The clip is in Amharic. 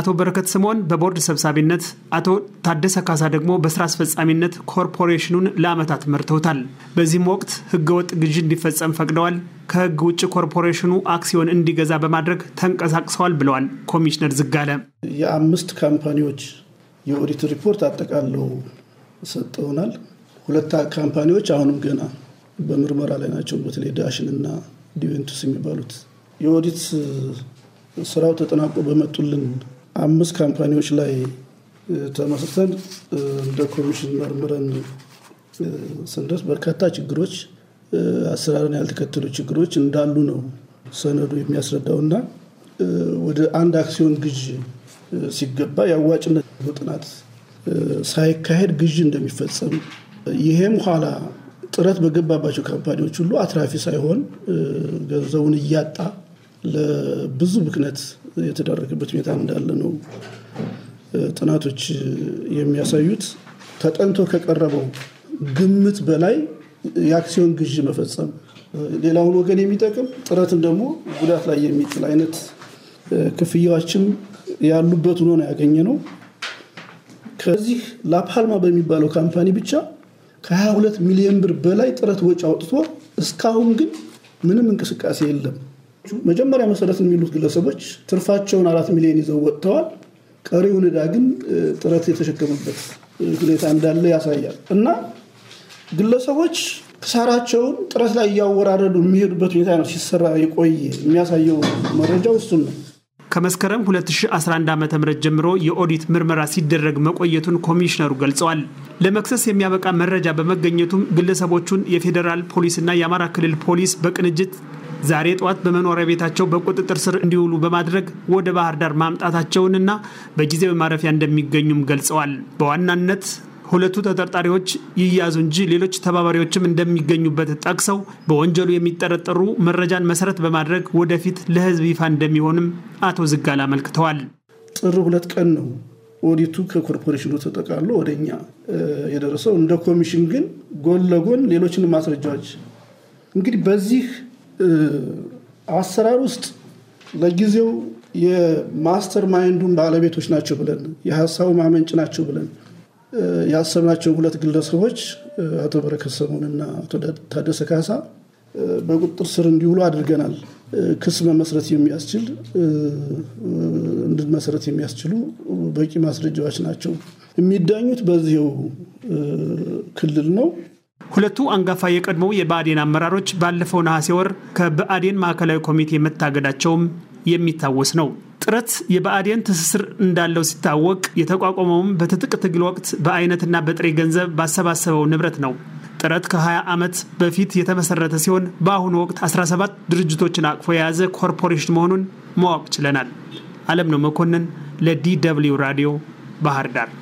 አቶ በረከት ስምኦን በቦርድ ሰብሳቢነት፣ አቶ ታደሰ ካሳ ደግሞ በስራ አስፈጻሚነት ኮርፖሬሽኑን ለዓመታት መርተውታል። በዚህም ወቅት ህገወጥ ግዢ እንዲፈጸም ፈቅደዋል። ከህግ ውጭ ኮርፖሬሽኑ አክሲዮን እንዲገዛ በማድረግ ተንቀሳቅሰዋል ብለዋል ኮሚሽነር ዝጋለ። የአምስት ካምፓኒዎች የኦዲት ሪፖርት አጠቃለው ሰጠውናል። ሁለት ካምፓኒዎች አሁንም ገና በምርመራ ላይ ናቸው። በተለይ ዳሽን እና ዲቬንቱስ የሚባሉት የኦዲት ስራው ተጠናቆ በመጡልን አምስት ካምፓኒዎች ላይ ተመስተን እንደ ኮሚሽን መርምረን ስንደርስ በርካታ ችግሮች፣ አሰራርን ያልተከተሉ ችግሮች እንዳሉ ነው ሰነዱ የሚያስረዳው እና ወደ አንድ አክሲዮን ግዥ ሲገባ የአዋጭነት ጥናት ሳይካሄድ ግዥ እንደሚፈጸም ይሄም ኋላ ጥረት በገባባቸው ካምፓኒዎች ሁሉ አትራፊ ሳይሆን ገንዘቡን እያጣ ለብዙ ምክንያት የተዳረገበት ሁኔታ እንዳለ ነው ጥናቶች የሚያሳዩት። ተጠንቶ ከቀረበው ግምት በላይ የአክሲዮን ግዥ መፈጸም ሌላውን ወገን የሚጠቅም ጥረትን ደግሞ ጉዳት ላይ የሚጥል አይነት ክፍያዎችም ያሉበት ሆኖ ነው ያገኘ ነው። ከዚህ ላፓልማ በሚባለው ካምፓኒ ብቻ ከ22 ሚሊዮን ብር በላይ ጥረት ወጪ አውጥቶ እስካሁን ግን ምንም እንቅስቃሴ የለም። መጀመሪያ መሰረት የሚሉት ግለሰቦች ትርፋቸውን አራት ሚሊዮን ይዘው ወጥተዋል። ቀሪውን ዕዳ ግን ጥረት የተሸከመበት ሁኔታ እንዳለ ያሳያል እና ግለሰቦች ክሳራቸውን ጥረት ላይ እያወራረዱ የሚሄዱበት ሁኔታ ነው ሲሰራ የቆየ የሚያሳየው መረጃ እሱን ነው። ከመስከረም 2011 ዓ ም ጀምሮ የኦዲት ምርመራ ሲደረግ መቆየቱን ኮሚሽነሩ ገልጸዋል። ለመክሰስ የሚያበቃ መረጃ በመገኘቱም ግለሰቦቹን የፌዴራል ፖሊስና የአማራ ክልል ፖሊስ በቅንጅት ዛሬ ጠዋት በመኖሪያ ቤታቸው በቁጥጥር ስር እንዲውሉ በማድረግ ወደ ባህር ዳር ማምጣታቸውንና በጊዜያዊ ማረፊያ እንደሚገኙም ገልጸዋል። በዋናነት ሁለቱ ተጠርጣሪዎች ይያዙ እንጂ ሌሎች ተባባሪዎችም እንደሚገኙበት ጠቅሰው በወንጀሉ የሚጠረጠሩ መረጃን መሰረት በማድረግ ወደፊት ለሕዝብ ይፋ እንደሚሆንም አቶ ዝጋላ አመልክተዋል። ጥር ሁለት ቀን ነው ኦዲቱ ከኮርፖሬሽኑ ተጠቃሎ ወደኛ የደረሰው። እንደ ኮሚሽን ግን ጎን ለጎን ሌሎችን ማስረጃዎች እንግዲህ በዚህ አሰራር ውስጥ ለጊዜው የማስተር ማይንዱን ባለቤቶች ናቸው ብለን የሀሳቡ ማመንጭ ናቸው ብለን ያሰብናቸው ሁለት ግለሰቦች አቶ በረከት እና አቶ ታደሰ ካሳ በቁጥር ስር እንዲውሉ አድርገናል። ክስ መመስረት የሚያስችል እንድመሰረት የሚያስችሉ በቂ ማስረጃዎች ናቸው። የሚዳኙት በዚህው ክልል ነው። ሁለቱ አንጋፋ የቀድሞ የብአዴን አመራሮች ባለፈው ነሐሴ ወር ከብአዴን ማዕከላዊ ኮሚቴ መታገዳቸውም የሚታወስ ነው። ጥረት የብአዴን ትስስር እንዳለው ሲታወቅ የተቋቋመውም በትጥቅ ትግል ወቅት በአይነትና በጥሬ ገንዘብ ባሰባሰበው ንብረት ነው። ጥረት ከ20 ዓመት በፊት የተመሰረተ ሲሆን በአሁኑ ወቅት 17 ድርጅቶችን አቅፎ የያዘ ኮርፖሬሽን መሆኑን ማወቅ ችለናል። አለም ነው መኮንን ለዲ ደብልዩ ራዲዮ ባህር ዳር